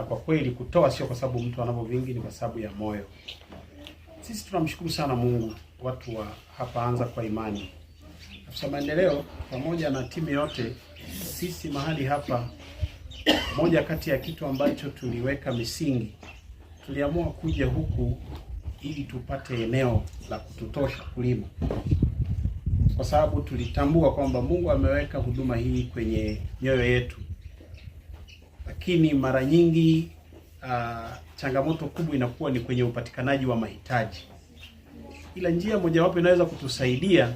na kwa kweli kutoa sio kwa sababu mtu anavyo vingi, ni kwa sababu ya moyo. Sisi tunamshukuru sana Mungu, watu wa hapa Anza kwa Imani, Afisa Maendeleo pamoja na timu yote. Sisi mahali hapa, moja kati ya kitu ambacho tuliweka misingi, tuliamua kuja huku ili tupate eneo la kututosha kulima, kwa sababu tulitambua kwamba Mungu ameweka huduma hii kwenye mioyo yetu lakini mara nyingi uh, changamoto kubwa inakuwa ni kwenye upatikanaji wa mahitaji, ila njia mojawapo inaweza kutusaidia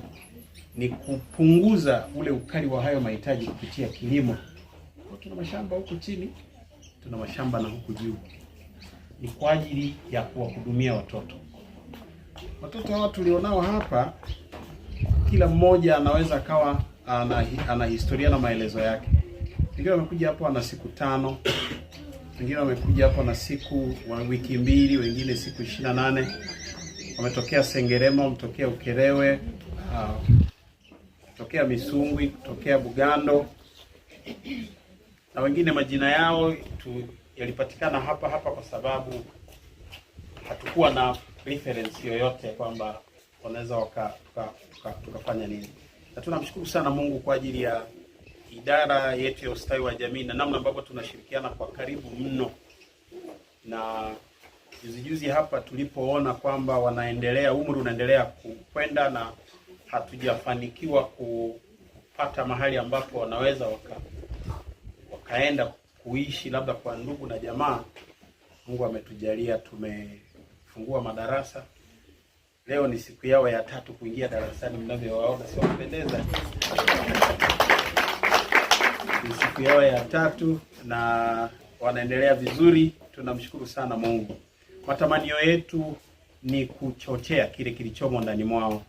ni kupunguza ule ukali wa hayo mahitaji kupitia kilimo. Tuna mashamba huku chini, tuna mashamba na huku juu, ni kwa ajili ya kuwahudumia watoto. Watoto hawa tulionao hapa, kila mmoja anaweza akawa ana, ana historia na maelezo yake wengine wamekuja hapo na siku tano, wengine wamekuja hapo na siku wa wiki mbili, wengine siku ishirini na nane. Wametokea Sengerema, wametokea Ukerewe, ah, kutokea uh, Misungwi, kutokea Bugando na wengine majina yao tu yalipatikana hapa hapa kwa sababu hatukuwa na reference yoyote kwamba wanaweza tukafanya nini, na tunamshukuru sana Mungu kwa ajili ya idara yetu ya ustawi wa jamii na namna ambavyo tunashirikiana kwa karibu mno, na juzi juzi hapa tulipoona kwamba wanaendelea umri unaendelea kukwenda na hatujafanikiwa kupata mahali ambapo wanaweza waka, wakaenda kuishi labda kwa ndugu na jamaa, Mungu ametujalia tumefungua madarasa leo ni siku yao ya tatu kuingia darasani, mnavyowaona sio kupendeza ni siku yao ya tatu na wanaendelea vizuri, tunamshukuru sana Mungu. Matamanio yetu ni kuchochea kile kilichomo ndani mwao,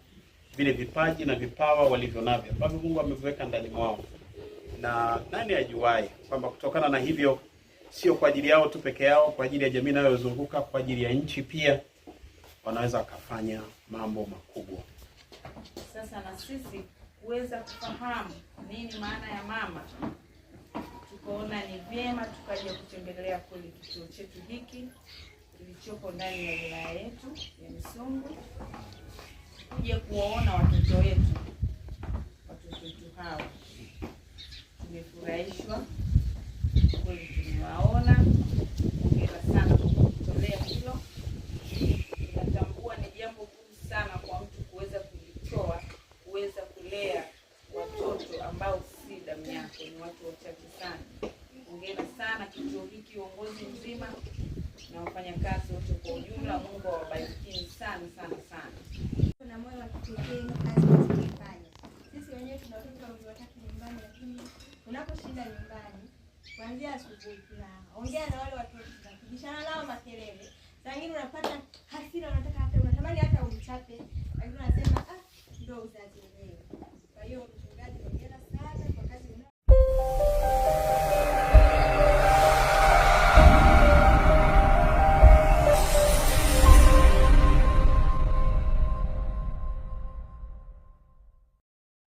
vile vipaji na vipawa walivyo navyo ambavyo Mungu ameviweka ndani mwao, na nani ajuaye kwamba kutokana na hivyo, sio kwa ajili yao tu peke yao, kwa ajili ya jamii inayozunguka, kwa ajili ya nchi pia, wanaweza wakafanya mambo makubwa. Sasa na sisi kuweza kufahamu nini maana ya mama tukaona ni vyema tukaja kutembelea kule kituo chetu hiki kilichopo ndani ya wilaya yetu ya Misungwi, kuja kuwaona watoto wetu. Watoto wetu hao tumefurahishwa kweli, tumewaona. Hongera sana kwa kutolea hilo. Tunatambua ni jambo gumu sana kwa mtu kuweza kujitoa kuweza kulea watoto ambao si damu yako, ni watu wachache sana. Hongera sana kituo hiki, uongozi mzima na wafanyakazi wote kwa ujumla. Mungu awabariki sana sana sana. Tuna moyo wa kipekee kazi tunazofanya sisi wenyewe, tuna watoto watatu nyumbani, lakini unaposhinda nyumbani kuanzia asubuhi, tunaongea na wale watoto, tunapigishana nao makelele, saa nyingine unapata hasira, unataka hata unatamani hata umchape